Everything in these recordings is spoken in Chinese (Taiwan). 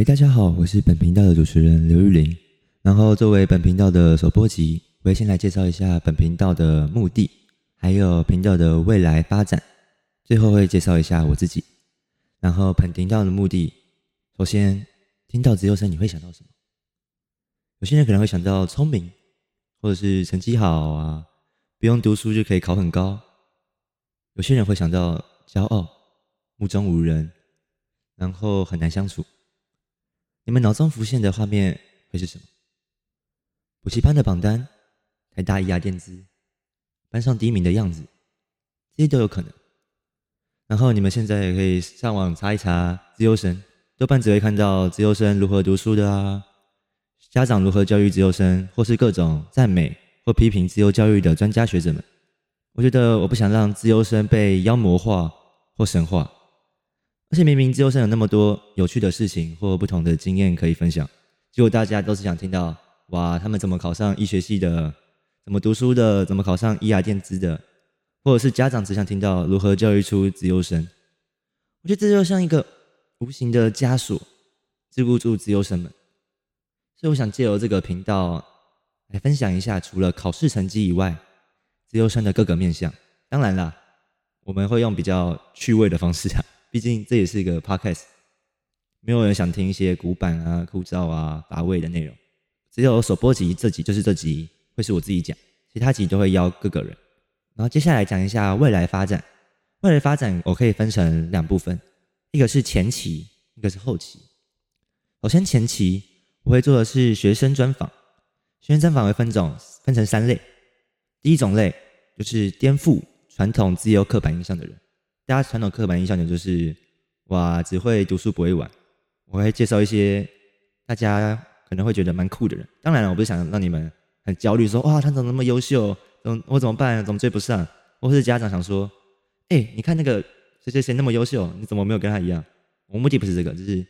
喂，大家好，我是本頻道的主持人劉昱麟。然後作為本頻道的首播集，我會先來介紹一下本頻道的目的，還有頻道的未來發展，最後會介紹一下我自己。然後本頻道的目的，首先，聽到“資優生”，你會想到什麼？有些人可能會想到聰明，或者是成績好啊，不用讀書就可以考很高。有些人會想到驕傲、目中無人，然後很難相處。你們腦中浮現的畫面會是什麼？補習班的榜單，台大醫電資，班上第一名的樣子，這些都有可能。然後你們現在也可以上網查一查資優生，多半只會看到資優生如何讀書的啊，家長如何教育資優生，或是各種讚美或批評資優教育的專家學者們。我覺得我不想讓資優生被妖魔化或神化。而且明明資優生有那麼多有趣的事情或不同的經驗可以分享，結果大家都只想聽到哇，他們怎麼考上醫學系的，怎麼讀書的，怎麼考上醫牙電資的，或者是家長只想聽到如何教育出資優生。我覺得這就像一個無形的枷鎖，桎梏住資優生們。所以我想借由這個頻道來分享一下，除了考試成績以外，資優生的各個面向。當然啦，我們會用比較趣味的方式啊。畢竟這也是一個 podcast，沒有人想聽一些古板啊、枯燥啊、乏味的內容。只有首播集，這集就是這集會是我自己講，其他集都會邀各個人。然後接下來講一下未來發展。未來發展我可以分成兩部分，一個是前期，一個是後期。首先前期我會做的是學生專訪，學生專訪會分種，分成三類。第一種類就是顛覆傳統自由刻板印象的人。家傳統刻板印象就是，哇，只會讀書不會玩。我會介紹一些大家可能會覺得蠻酷的人。當然了，我不是想讓你們很焦慮，說哇，他怎麼那麼優秀？怎麼我怎麼辦？怎麼追不上？或是家長想說，哎、欸，你看那個誰誰誰那麼優秀，你怎麼沒有跟他一樣？我目的不是這個，就是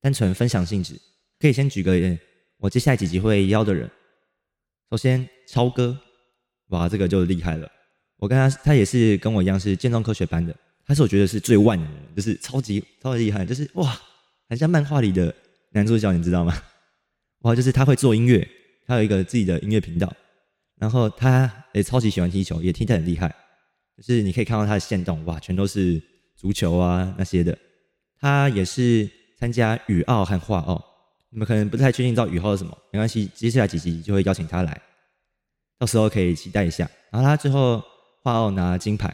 單純分享性質。可以先舉個、欸，我接下來幾集會邀的人。首先，超哥，哇，這個就厲害了。我跟他，他也是跟我一樣是建中科學班的。他是我覺得是最萬能，就是超級超級厲害，就是哇，很像漫畫裡的男主角，你知道嗎？哇，就是他會做音樂，他有一個自己的音樂頻道，然後他也超級喜歡踢球，也踢得很厲害。就是你可以看到他的限動，哇，全都是足球啊那些的。他也是參加語奧和化奧，你們可能不太確定到語奧是什麼，沒關係，接下來幾集就會邀請他來，到時候可以期待一下。然後他最後化奧拿金牌。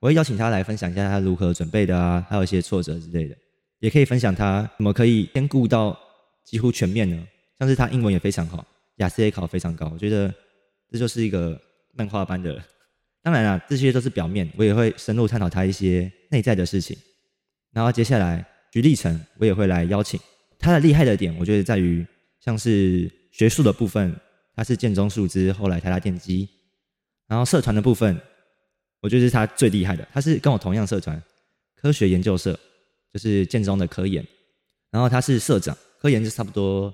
我會邀請他來分享一下他如何準備的啊，還有一些挫折之類的，也可以分享他怎麼可以兼顧到幾乎全面呢？像是他英文也非常好，雅思也考非常高，我覺得這就是一個漫畫般的。當然啦、啊，這些都是表面，我也會深入探討他一些內在的事情。然後接下來，徐立成，我也會來邀請他的厲害的點，我覺得在於像是學術的部分，他是建中數資後來台大電機，然後社團的部分，我覺得是他最厲害的，他是跟我同樣社團，科學研究社，就是建中的科研，然後他是社長，科研就差不多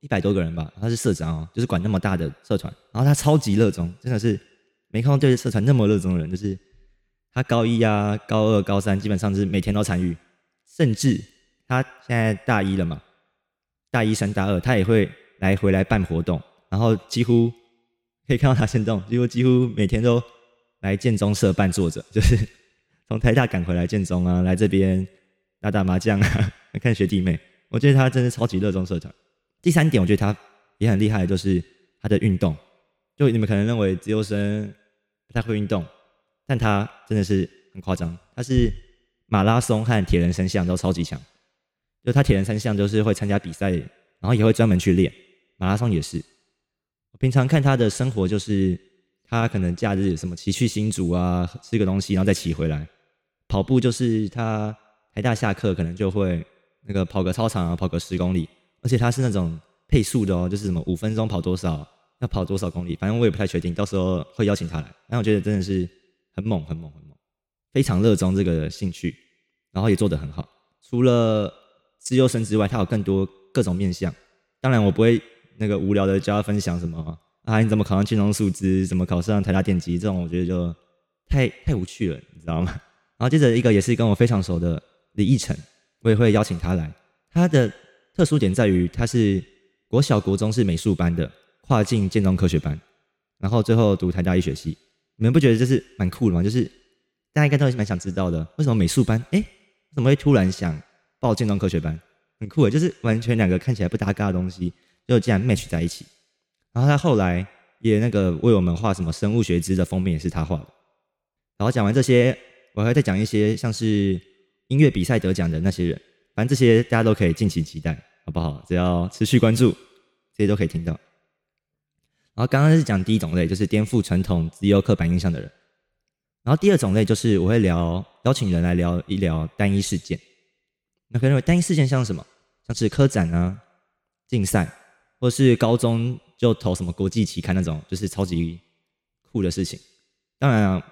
一百多個人吧，他是社長哦，就是管那麼大的社團，然後他超級熱衷，真的是沒看到對社團那麼熱衷的人，就是他高一啊、高二、高三基本上是每天都參與，甚至他現在大一了嘛，大一、大二他也會來回來辦活動，然後幾乎可以看到他行動，因為幾乎每天都。來建中社辦坐著，就是從台大趕回來建中啊，來這邊打打麻將啊，看學弟妹。我覺得他真是超級熱衷社團。第三點，我覺得他也很厲害，就是他的運動。就你們可能認為資優生不太會運動，但他真的是很誇張。他是馬拉松和鐵人三項都超級強。就他鐵人三項就是會參加比賽，然後也會專門去練馬拉松也是。我平常看他的生活就是。他可能假日什麼騎去新竹啊，吃個東西，然後再騎回來。跑步就是他台大下課可能就會那個跑個操場啊，跑個十公里，而且他是那種配速的哦，就是什麼五分鐘跑多少，要跑多少公里，反正我也不太確定，到時候會邀請他來。但我覺得真的是很猛很猛很猛，非常熱衷這個的興趣，然後也做得很好。除了自由身之外，他有更多各種面向。當然我不會那個無聊的叫他分享什麼。啊！你怎麼考上建中數資，怎麼考上台大電機？這種我覺得就太太無趣了，你知道嗎？然後接着一個也是跟我非常熟的李奕晨，我也會邀請他來。他的特殊點在於他是國小、國中是美術班的，跨進建中科學班，然後最後讀台大醫學系。你們不覺得這是蠻酷的嗎？就是大家應該都是蠻想知道的，為什麼美術班哎、欸、怎麼會突然想報建中科學班？很酷誒，就是完全兩個看起來不搭嘎的東西，就竟然 match 在一起。然後他後來也那個為我們畫什麼《生物學之》的封面也是他畫的。然後講完這些，我還會再講一些像是音樂比賽得獎的那些人。反正這些大家都可以敬請期待，好不好？只要持續關注，這些都可以聽到。然後剛剛是講第一種類，就是顛覆傳統、自由刻板印象的人。然後第二種類就是我會聊邀請人來聊一聊單一事件。那可能認為單一事件像什麼？像是科展啊、競賽。或是高中就投什麼國際期刊那種，就是超級酷的事情。當然，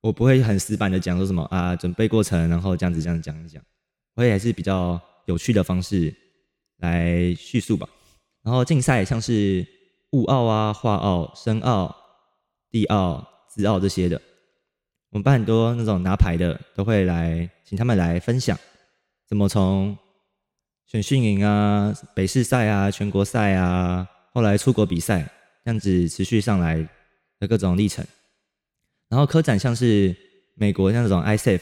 我不會很死板的講說什麼啊，準備過程，然後這樣子這樣講一講，我也還是比較有趣的方式來敘述吧。然後競賽像是物奧啊、化奧、生奧、地奧、資奧這些的，我們班很多那種拿牌的都會來請他們來分享怎麼從。選訓營啊，北市賽啊，全國賽啊，後來出國比賽，這樣子持續上來的各種歷程。然後科展像是美國那種 ISEF，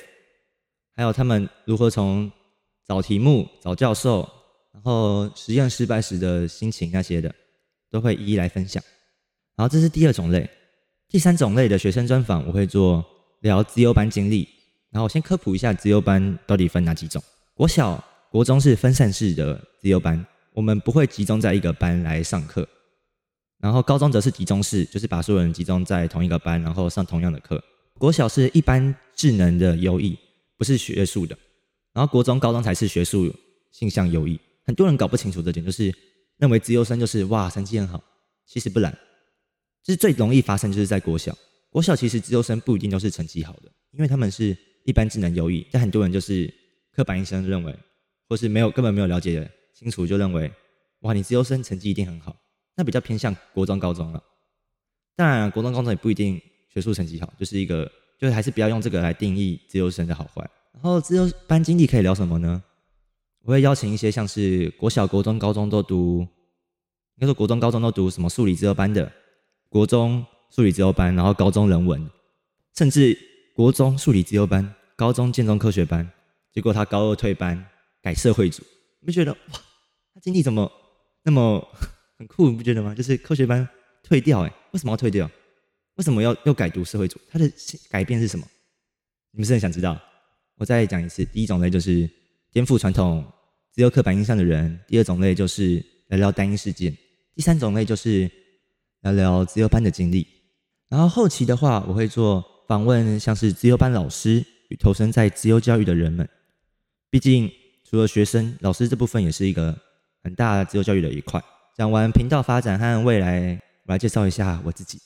還有他們如何從找題目、找教授，然後實驗失敗時的心情那些的，都會一一來分享。然後這是第二種類，第三種類的學生專訪我會做聊資優班經歷。然後我先科普一下資優班到底分哪幾種，國小。國中是分散式的資優班，我們不會集中在一個班來上課。然後高中則是集中式，就是把所有人集中在同一個班，然後上同樣的課。國小是一般智能的優異，不是學術的。然後國中、高中才是學術性向優異。很多人搞不清楚的點，就是認為資優生就是哇，成績很好。其實不然，就是最容易發生就是在國小。國小其實資優生不一定都是成績好的，因為他們是一般智能優異，但很多人就是刻板印象認為。或是沒有根本沒有了解的清楚，就認為哇，你資優生成績一定很好，那比較偏向國中高中了。當然，國中高中也不一定學術成績好，就是一個，就是還是不要用這個來定義資優生的好壞。然後資優班經歷可以聊什麼呢？我會邀請一些像是國小、國中、高中都讀，應該說國中、高中都讀什麼數理資優班的，國中數理資優班，然後高中人文，甚至國中數理資優班、高中建中科學班，結果他高二退班。改社會組，你們覺得哇，他經歷怎麼那麼很酷，你不覺得嗎？就是科學班退掉，哎，為什麼要退掉？為什麼要又改讀社會組？他的改變是什麼？你們是很想知道。我再講一次，第一種類就是顛覆傳統、資優刻板印象的人；第二種類就是來聊，聊單一事件；第三種類就是來聊，聊資優班的經歷。然後後期的話，我會做訪問，像是資優班老師與投身在資優教育的人們，畢竟。除了學生、老師，這部分也是一個很大的資優教育的一塊。講完頻道發展和未來，我來介紹一下我自己。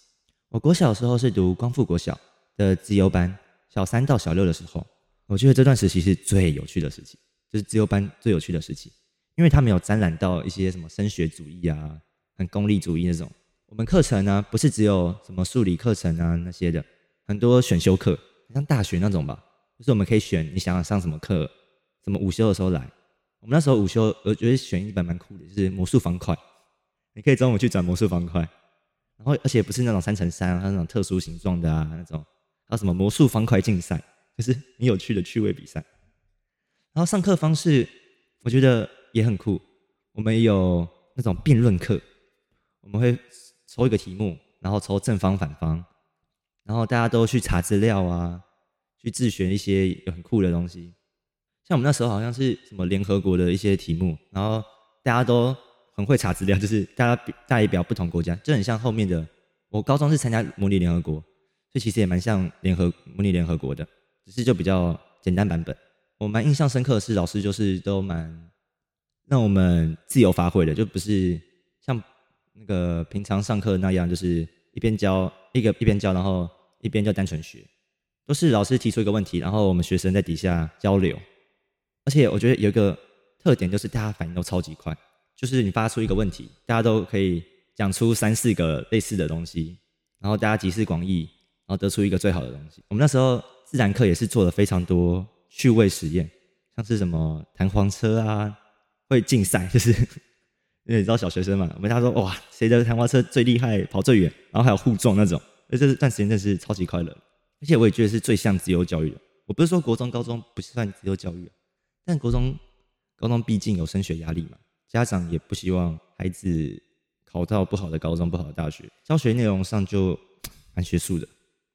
我國小的時候是讀光復國小的資優班，小三到小六的時候，我覺得這段時期是最有趣的時期，就是資優班最有趣的時期，因為他沒有沾染到一些什麼升學主義啊、很功利主義那種。我們課程呢、啊，不是只有什麼數理課程啊那些的，很多選修課，像大學那種吧，就是我們可以選你想要上什麼課。什麼午休的時候來？我們那時候午休，我覺得選一本蠻酷的，就是魔術方塊。你可以中午去轉魔術方塊，然後而且不是那種三乘三啊，那種特殊形狀的啊，那種還有什麼魔術方塊競賽，就是很有趣的趣味比賽。然後上課方式，我覺得也很酷。我們有那種辯論課，我們會抽一個題目，然後抽正方反方，然後大家都去查資料啊，去自選一些有很酷的東西。像我們那時候好像是什麼聯合國的一些題目，然後大家都很會查資料，就是大家代表不同國家，就很像後面的。我高中是參加模擬聯合國，所以其實也蠻像聯合模擬聯合國的，只是就比較簡單版本。我蠻印象深刻的是，老師就是都蠻讓我們自由發揮的，就不是像那個平常上課那樣，就是一邊教一個一邊教，然後一邊就單純學，都是老師提出一個問題，然後我們學生在底下交流。而且我覺得有一個特點就是大家反應都超級快，就是你發出一個問題，大家都可以講出三四個類似的東西，然後大家集思廣益，然後得出一個最好的東西。我們那時候自然課也是做了非常多趣味實驗，像是什麼彈簧車啊，會競賽，就是因為你知道小學生嘛，我們大家說哇，誰的彈簧車最厲害，跑最遠，然後還有互撞那種，所以這段時間真的是超級快樂。而且我也覺得是最像自由教育的，我不是說國中高中不算自由教育啊。但高中，高中畢竟有升學壓力嘛，家長也不希望孩子考到不好的高中、不好的大學。教學內容上就蠻學術的，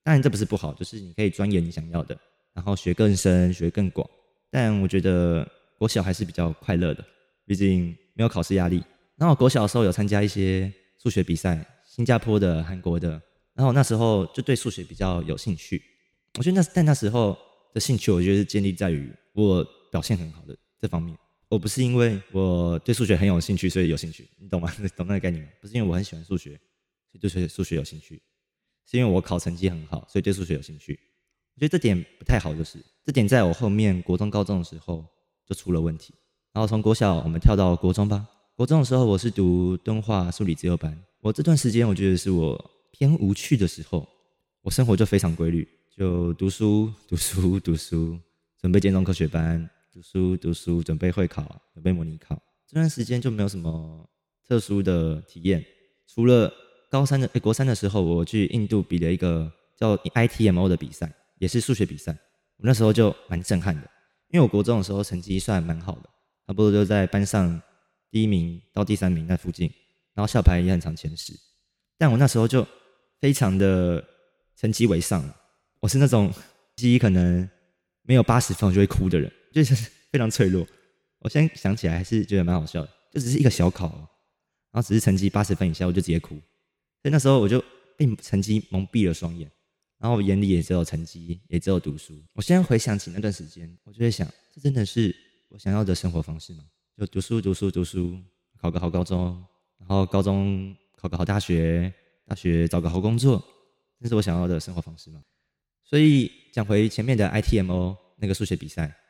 當然這不是不好，就是你可以鑽研你想要的，然後學更深、學更廣。但我覺得國小還是比較快樂的，畢竟沒有考試壓力。然後國小的時候有參加一些數學比賽，新加坡的、韓國的，然後那時候就對數學比較有興趣。我覺得那但那時候的興趣，我覺得是建立在於我。表現很好的這方面，我不是因為我對數學很有興趣所以有興趣，你懂嗎？ 懂那個概念嗎？不是因為我很喜歡數學，所以對數學數學有興趣，是因為我考成績很好，所以對數學有興趣。我覺得這點不太好，就是這點在我後面國中高中的時候就出了問題。然後從國小我們跳到國中吧，國中的時候我是讀敦化數理資優班，我這段時間我覺得是我偏無趣的時候，我生活就非常規律，就讀書讀書讀書、讀書，準備建中科學班。讀書讀書，準備會考啊，準備模擬考。這段時間就沒有什麼特殊的體驗，除了高三的誒國三的時候，我去印度比了一個叫 ITMO 的比賽，也是數學比賽。我那時候就蠻震撼的，因為我國中的時候成績算蠻好的，差不多就在班上第一名到第三名那附近，然後校排也很常前十。但我那時候就非常的成績為上，我是那種一可能沒有八十分我就會哭的人。就是非常脆弱，我現在想起來還是覺得蠻好笑的。就只是一個小考，然後只是成績八十分以下，我就直接哭。所以那時候我就被成績蒙蔽了雙眼，然後我眼裡也只有成績，也只有讀書。我現在回想起那段時間，我就在想：這真的是我想要的生活方式嗎？就讀書、讀書、讀書，考個好高中，然後高中考個好大學，大學找個好工作，這是我想要的生活方式嗎？所以講回前面的 ITMO 那個數學比賽。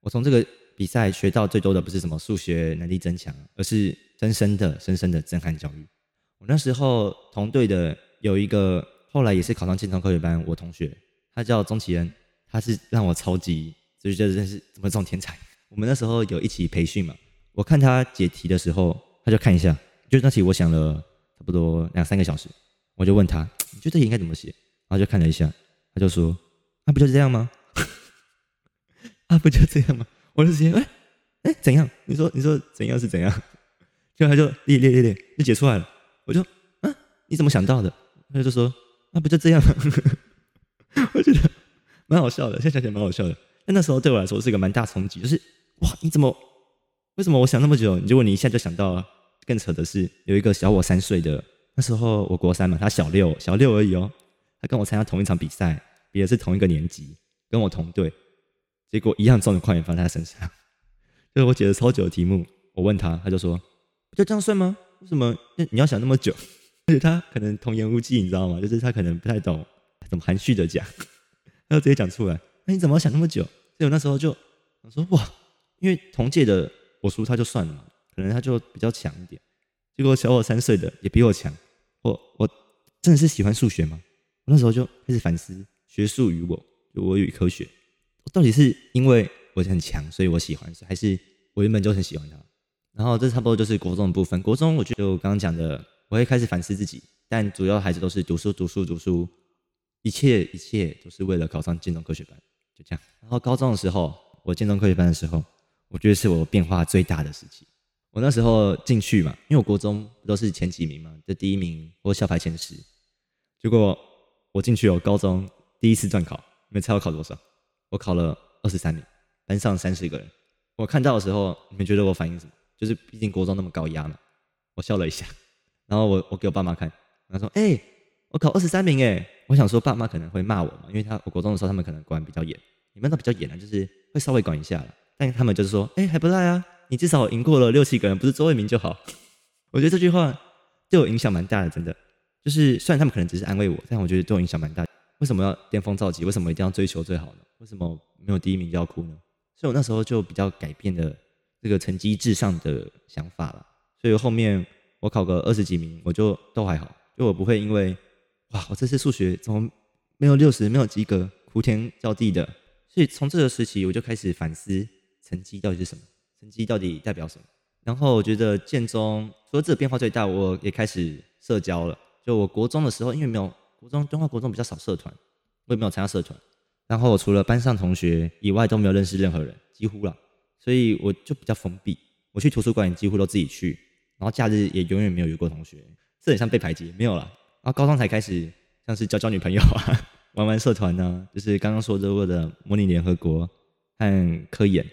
我從這個比賽學到最多的不是什麼數學能力增強，而是深深的、深深的震撼教育。我那時候同隊的有一個，後來也是考上建中科學班，我同學，他叫鍾啟恩，他是讓我超級就，就是這認識怎麼這種天才。我們那時候有一起培訓嘛，我看他解題的時候，他就看一下，就那題我想了差不多兩三個小時，我就問他，你覺得這題應該怎麼寫？然後就看了一下，他就說，那、啊、不就是這樣嗎？啊，不就這樣嗎？我就直接，哎哎，怎樣？你說，你說怎樣是怎樣？結果他就列列列列，就解出來了。我就，啊，你怎麼想到的？他就說，那、啊、不就這樣嗎？ 我覺得蠻好笑的，現在想起來蠻好笑的。但那時候對我來說是一個蠻大衝擊，就是哇，你怎麼？為什麼我想那麼久，你就問你一下就想到了？更扯的是，有一個小我三歲的，那時候我國三嘛，他小六，小六而已哦，他跟我參加同一場比賽，比的是同一個年級，跟我同隊。結果一樣重的礦也放在他身上，就是我解了超久的題目。我問他，他就說：“不就這樣算嗎？為什麼？那你要想那麼久？”而且他可能童言無忌，你知道嗎？就是他可能不太懂，怎麼含蓄的講，他就直接講出來。那、欸、你怎麼要想那麼久？所以我那時候就我說：“哇，因為同屆的我輸他就算了嘛，可能他就比較強一點。結果小我三歲的也比我強。我我真的是喜歡數學嗎？我那時候就開始反思：學術與我，我與科學。”我到底是因為我很強，所以我喜歡，還是我原本就很喜歡他？然後這差不多就是國中的部分。國中我覺得我剛剛講的，我會開始反思自己，但主要還是都是讀書，讀書，讀書，一切一切都是為了考上建中科學班，就這樣。然後高中的時候，我建中科學班的時候，我覺得是我變化最大的時期。我那時候進去嘛，因為我國中不都是前幾名嘛，就第一名或校排前十，結果我進去我高中第一次段考，你們猜我考多少？我考了二十三名，班上三十個人。我看到的時候，你們覺得我反應什麼？就是畢竟國中那麼高壓嘛，我笑了一下。然後我我給我爸媽看，他說：“哎、欸，我考二十三名、欸，哎，我想說爸媽可能會罵我嘛，因為他我國中的時候，他們可能管比較嚴，你們都比較嚴啊，就是會稍微管一下了。但他們就是說：哎、欸，還不賴啊，你至少贏過了六七個人，不是最後一名就好。 我覺得這句話對我影響蠻大的，真的。就是雖然他們可能只是安慰我，但我覺得對我影響蠻大。為什麼要巔峰造極？為什麼一定要追求最好呢？為什麼沒有第一名就要哭呢？所以我那時候就比較改變了這個成績至上的想法了。所以後面我考個二十幾名，我就都還好，就我不會因為哇，我這次數學怎麼沒有六十，沒有及格，哭天叫地的。所以從這個時期我就開始反思成績到底是什麼，成績到底代表什麼。然後我覺得建中除了這個變化最大，我也開始社交了。就我國中的時候，因為沒有。國中、中二、國中比較少社團，我也沒有參加社團。然後我除了班上同學以外都沒有認識任何人，幾乎啦，所以我就比較封閉。我去圖書館幾乎都自己去，然後假日也永遠沒有約過同學，這很像被排擠，沒有啦。然後高中才開始像是交交女朋友啊，玩玩社團呢、啊，就是剛剛說的為了模擬聯合國和科研。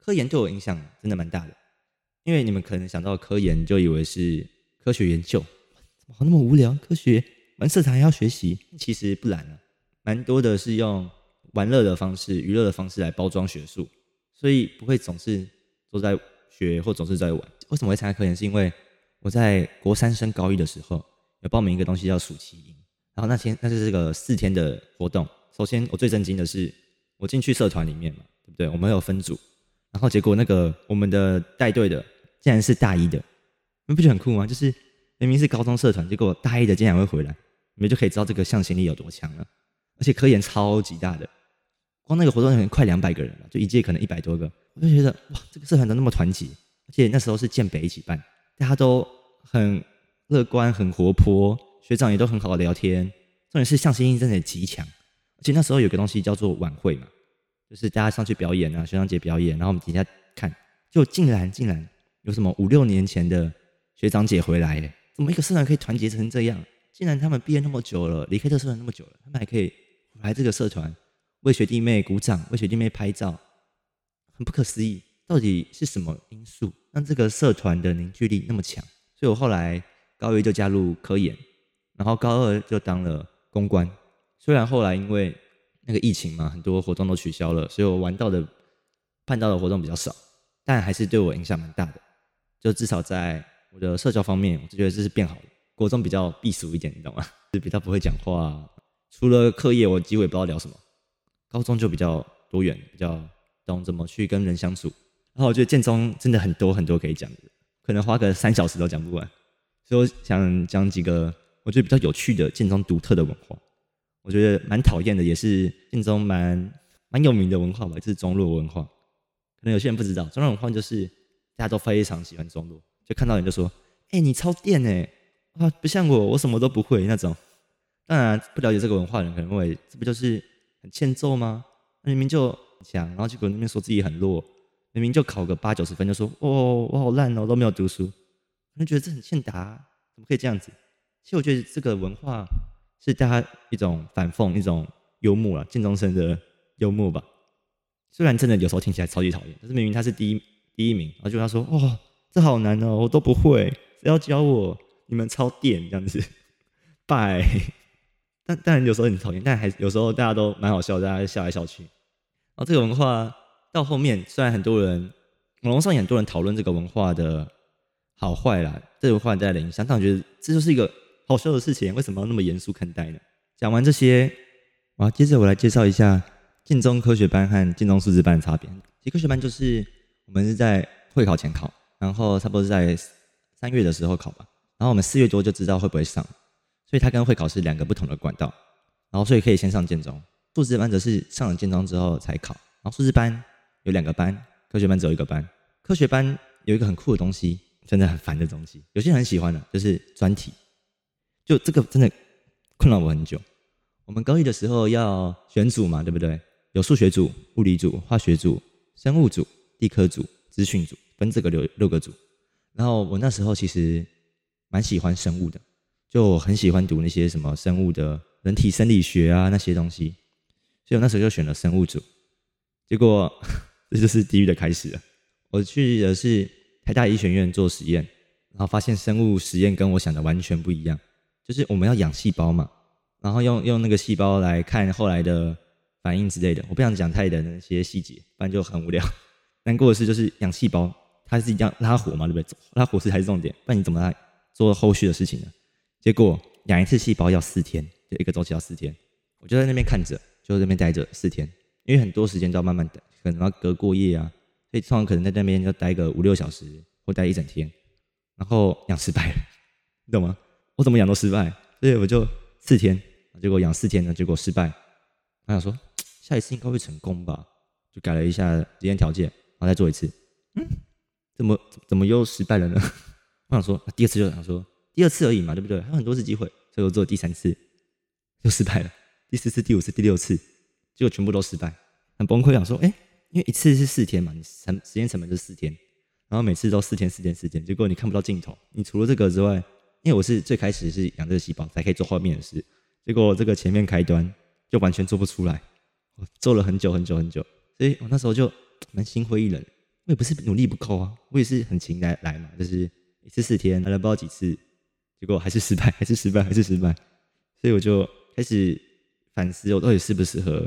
科研對我影響、啊、真的蠻大的，因為你們可能想到科研就以為是科學研究，怎麼那麼無聊？科學？玩社團還要學習，其實不然啊，蠻多的是用玩樂的方式、娛樂的方式來包裝學術，所以不會總是都在學或總是在玩。為什麼會參加科研？是因為我在國三升高一的時候，有報名一個東西叫暑期營，然後那天那就是這個四天的活動。首先我最震驚的是，我進去社團裡面嘛，對不對？我們有分組，然後結果那個我們的帶隊的竟然是大一的，那不就很酷嗎？就是明明是高中社團，結果大一的竟然會回來。你們就可以知道這個向心力有多強了，而且科研超級大的，光那個活動可能快兩百個人了，就一屆可能一百多個。我就覺得哇，這個社團都那麼團結，而且那時候是建北一起辦，大家都很樂觀、很活潑，學長也都很好聊天。重點是向心力真的極強，而且那時候有個東西叫做晚會嘛，就是大家上去表演啊，學長姐表演，然後我們底下看，就竟然竟然有什麼五六年前的學長姐回來，怎麼一個社團可以團結成這樣？既然他們畢業那麼久了，離開這個社團那麼久了，他們還可以來這個社團為學弟妹鼓掌，為學弟妹拍照，很不可思議。到底是什麼因素讓這個社團的凝聚力那麼強？所以我後來高一就加入科研，然後高二就當了公關。雖然後來因為那個疫情嘛，很多活動都取消了，所以我玩到的、看到的活動比較少，但還是對我影響蠻大的。就至少在我的社交方面，我就覺得這是變好了。國中比較避俗一點，你懂嗎？就比較不會講話、啊，除了課業，我幾乎也不知道聊什麼。高中就比較多元，比較懂怎麼去跟人相處。然後我覺得建中真的很多很多可以講的，可能花個三小時都講不完。所以我想講幾個我覺得比較有趣的建中獨特的文化。我覺得蠻討厭的，也是建中蠻蠻有名的文化吧，就是中路文化。可能有些人不知道，中路文化就是大家都非常喜歡中路，就看到人就說：“哎、欸，你超電哎、欸。”啊，不像我，我什麼都不會那種。當然、啊，不了解這個文化的人可能會，這不就是很欠揍嗎？明明就很強，然後結果那邊說自己很弱，明明就考個八九十分，就說哦，我好爛哦，都沒有讀書。可能覺得這很欠打，怎麼可以這樣子？其實我覺得這個文化是帶他一種反諷，一種幽默啦，建中生的幽默吧。雖然真的有時候聽起來超級討厭，但是明明他是第一第一名，然後就他說哦，這好難哦，我都不會，誰要教我？你們超電這樣子，拜，但但有時候很討厭，但還有時候大家都蠻好笑，大家笑來笑去。然後這個文化到後面，雖然很多人網絡上也很多人討論這個文化的好壞啦，這個文化帶來的影響，但我覺得這就是一個好笑的事情，為什麼要那麼嚴肅看待呢？講完這些，好，接着我來介紹一下建中科學班和建中數字班的差別。其實科學班就是我們是在會考前考，然後差不多是在三月的時候考吧。然後我們四月多就知道會不會上，所以他跟會考是兩個不同的管道，然後所以可以先上建中，數資班則是上了建中之後才考。然後數資班有兩個班，科學班只有一個班。科學班有一個很酷的東西，真的很煩的東西，有些人很喜歡的，就是專題。就這個真的困擾我很久。我們高一的時候要選組嘛，對不對？有數學組、物理組、化學組、生物組、地科組、資訊組，分這個六六個組。然後我那時候其實。蠻喜歡生物的，就我很喜歡讀那些什麼生物的人體生理學啊那些東西，所以我那時候就選了生物組。結果這就是地獄的開始了。我去的是台大醫學院做實驗，然後發現生物實驗跟我想的完全不一樣。就是我們要養細胞嘛，然後用用那個細胞來看後來的反應之類的。我不想講太的那些細節，不然就很無聊。難過的是就是養細胞，它是要讓它活嘛，對不對？讓它活是才是重點，不然你怎麼來？做了後續的事情了，結果養一次細胞要四天，就一個週期要四天，我就在那邊看着，就在那邊待着四天，因為很多時間都要慢慢等，可能要隔過夜啊，所以通常可能在那邊要待個五六小時或待一整天，然後養失敗了，你懂嗎？我怎麼養都失敗，所以我就四天，結果養四天呢，結果失敗，我想說下一次應該會成功吧，就改了一下實驗條件，然後再做一次，嗯，怎麼怎麼又失敗了呢？我想說，第二次就想說，第二次而已嘛，對不對？還有很多次機會，所以我做第三次就失敗了。第四次、第五次、第六次，結果全部都失敗，很崩潰。想說，哎、欸，因為一次是四天嘛，你成時間成本就是四天，然後每次都四天、四天、四天，四天結果你看不到盡頭。你除了這個之外，因為我是最開始是養這個細胞才可以做後面的事，結果這個前面開端就完全做不出來。我做了很久很久很久，所以我那時候就蠻心灰意冷。我也不是努力不夠啊，我也是很勤來來嘛，就是。一次四天，來了不知道幾次，結果還是失敗，還是失敗，還是失敗，所以我就開始反思，我到底適不適合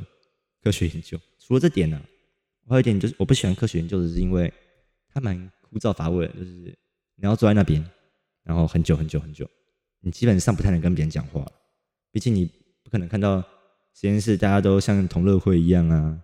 科學研究？除了這點呢、啊，我還有一點就是，我不喜歡科學研究，只是因為它蠻枯燥乏味的，就是你要坐在那邊，然後很久很久很久，你基本上不太能跟別人講話，畢竟你不可能看到實驗室大家都像同樂會一樣啊，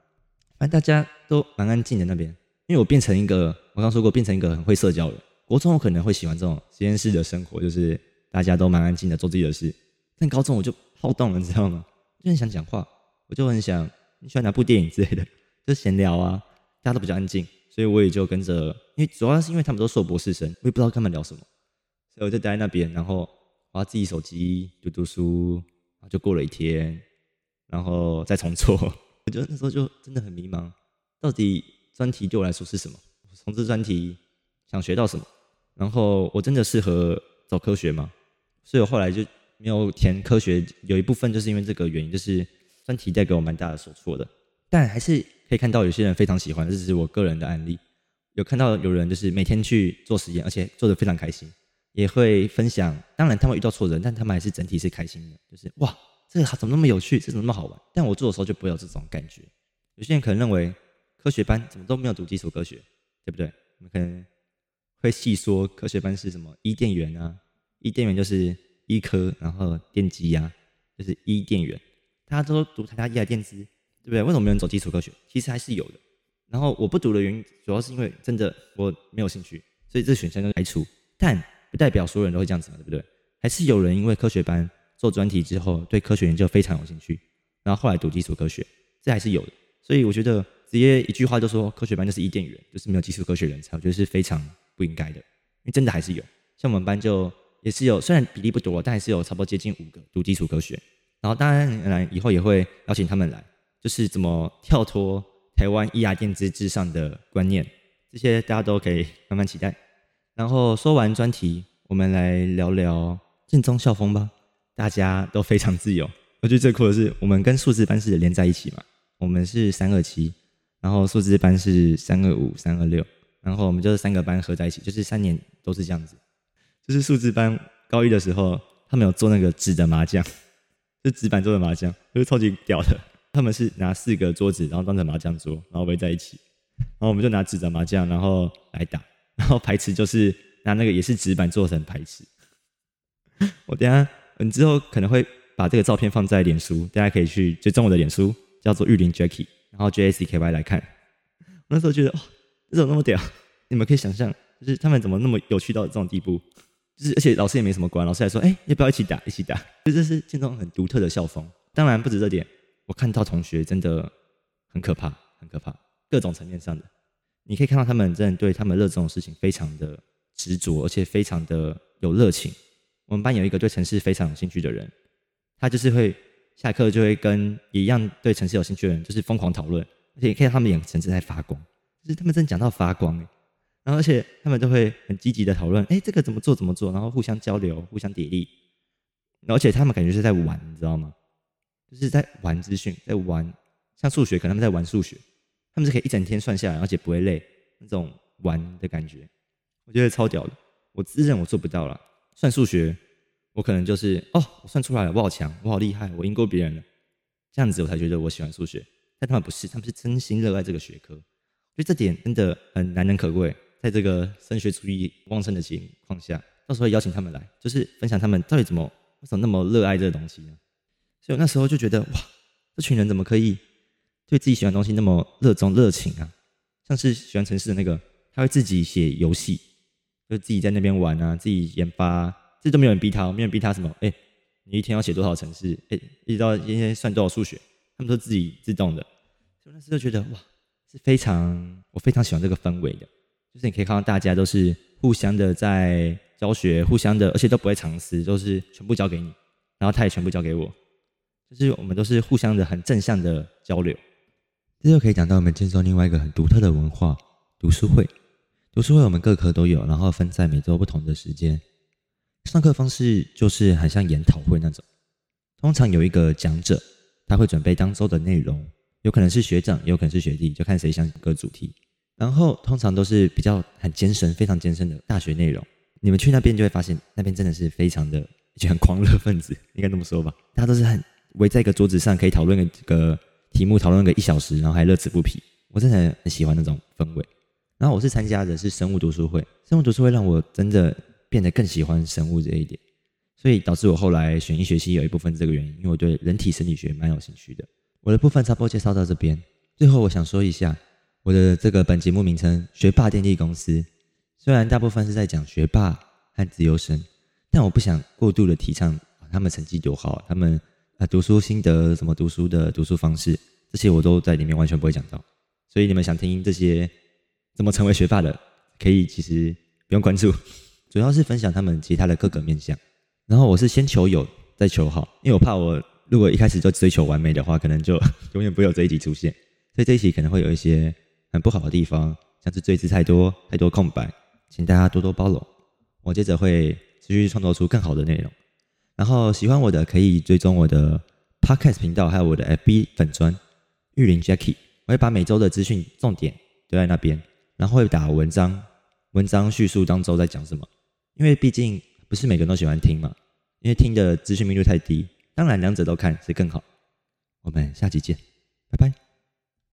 反正大家都蠻安靜的那邊。因為我變成一個，我剛說過，變成一個很會社交的人。國中我可能會喜歡這種實驗室的生活，就是大家都蠻安靜的做自己的事。但高中我就好動了，你知道嗎？就很想講話，我就很想你喜歡哪部電影之類的，就閒聊啊。大家都比較安靜，所以我也就跟着，因為主要是因為他們都碩博士生，我也不知道他們聊什麼，所以我就待在那邊，然後玩自己手機、讀讀書，然後就過了一天，然後再重做。我覺得那時候就真的很迷茫，到底專題對我來說是什麼？我從這專題想學到什麼？然後我真的適合走科學嗎？所以我後來就沒有填科學，有一部分就是因為這個原因，就是專題帶給我蠻大的挫折的。但還是可以看到有些人非常喜歡，這只是我個人的案例。有看到有人就是每天去做實驗，而且做得非常開心，也會分享。當然他們遇到挫折，但他們還是整體是開心的，就是哇，這個怎麼那麼有趣，這怎麼那麼好玩？但我做的時候就不會有這種感覺。有些人可能認為科學班怎麼都沒有讀基礎科學，對不對？可能。會細說科學班是什麼，伊甸園啊，伊甸園就是醫科，然後電機啊，就是伊甸園，大家都讀台大醫牙電資，對不對？為什麼沒有人走基礎科學？其實還是有的。然後我不讀的原因，主要是因為真的我沒有興趣，所以這選項就排除。但不代表所有人都會這樣子嘛，對不對？還是有人因為科學班做專題之後，對科學研究非常有興趣，然後後來讀基礎科學，這還是有的。所以我覺得直接一句話就說科學班就是伊甸園，就是沒有基礎科學人才，我覺得是非常。不應該的，因為真的還是有，像我們班就也是有，雖然比例不多，但還是有差不多接近五個讀基礎科學。然後當然以後也會邀請他們來，就是怎麼跳脫台灣醫牙電資至上的觀念，這些大家都可以慢慢期待。然後說完專題，我們來聊聊建中校風吧。大家都非常自由，我覺得最酷的是我們跟數資班是連在一起嘛，我們是三二七，然後數資班是三二五、三二六。然後我們就是三個班合在一起，就是三年都是這樣子。就是數字班高一的時候，他們有做那個紙的麻將，就紙板做的麻將，就是超級屌的。他們是拿四個桌子，然後當成麻將桌，然後圍在一起。然後我們就拿紙的麻將，然後來打。然後牌池就是拿那個也是紙板做成牌池。我等一下，你之後可能會把這個照片放在臉書，大家可以去追蹤我的臉書，叫做昱麟 Jacky，然後 J A C K Y 來看。我那時候覺得哦。你怎麼那麼屌？你們可以想象，就是他們怎麼那麼有趣到這種地步？就是而且老師也沒什麼管，老師還說：“哎，要不要一起打？一起打！”就是、這是這種很獨特的校風。當然不止這點，我看到同學真的很可怕，很可怕，各種層面上的。你可以看到他們真的對他們熱衷的事情非常的執着，而且非常的有熱情。我們班有一個對城市非常有興趣的人，他就是會下課就會跟一樣對城市有興趣的人就是瘋狂討論，而且看到他們眼神正在發光。就是他們真的講到發光誒、欸，然後而且他們都會很積極的討論，誒，這個怎麼做怎麼做，然後互相交流，互相砥礪，而且他們感覺是在玩，你知道嗎？就是在玩資訊，在玩，像數學，可能他們在玩數學，他們是可以一整天算下來，而且不會累，那種玩的感覺，我覺得超屌的。我自認我做不到了，算數學，我可能就是哦，我算出來了，我好強，我好厲害，我贏過別人了，這樣子我才覺得我喜歡數學。但他們不是，他們是真心熱愛這個學科。所以這點真的很難能可貴，在這個升學主義旺盛的情況下，到時候邀請他們來，就是分享他們到底怎麼、為什麼那麼熱愛這個東西呢？所以我那時候就覺得，哇，這群人怎麼可以對自己喜歡的東西那麼熱衷、熱情啊？像是喜歡程式的那個，他會自己寫遊戲，就自己在那邊玩啊，自己研發、啊，這都沒有人逼他、喔，沒有人逼他什麼。哎，你一天要寫多少程式？哎，一天到天算多少數學？他們都自己自動的。所以我那時候就覺得，哇！非常，我非常喜歡這個氛圍的，就是你可以看到大家都是互相的在教學，互相的，而且都不會藏私，都是全部交給你，然後他也全部交給我，就是我們都是互相的很正向的交流。這就可以講到我們建中另外一個很獨特的文化——讀書會。讀書會我們各科都有，然後分在每周不同的時間。上課方式就是很像研討會那種，通常有一個講者，他會準備當周的內容。有可能是學長，也有可能是學弟，就看誰想個主題。然後通常都是比較很艱深、非常艱深的大學內容。你們去那邊就會發現，那邊真的是非常的，就很狂熱分子，應該這麼說吧。大家都是很圍在一個桌子上，可以討論一個，一個題目，討論一個一小時，然後還樂此不疲。我真的很喜歡那種氛圍。然後我是參加的是生物讀書會，生物讀書會讓我真的變得更喜歡生物這一點，所以導致我後來選醫學系有一部分這個原因，因為我對人體生理學蠻有興趣的。我的部分差不多介紹到這邊，最後我想說一下我的這個本節目名稱“學霸電力公司”。雖然大部分是在講學霸和資優生，但我不想過度的提倡他們成績多好，他們啊讀書心得、什麼讀書的讀書方式，這些我都在裡面完全不會講到。所以你們想聽這些怎麼成為學霸的，可以其實不用關注，主要是分享他們其他的各個面向。然後我是先求有，再求好，因為我怕我。如果一開始就追求完美的話，可能就永遠不會有這一集出現。所以這一集可能會有一些很不好的地方，像是贅字太多、太多空白，請大家多多包容。我接着會持續創作出更好的內容。然後喜歡我的可以追蹤我的 Podcast 頻道，還有我的 FB 粉專昱麟 Jacky，我會把每周的資訊重點都在那邊，然後會打文章，文章敘述當週在講什麼，因為畢竟不是每個人都喜歡聽嘛，因為聽的資訊密度太低。當然，兩者都看是更好。我們下期見，拜拜。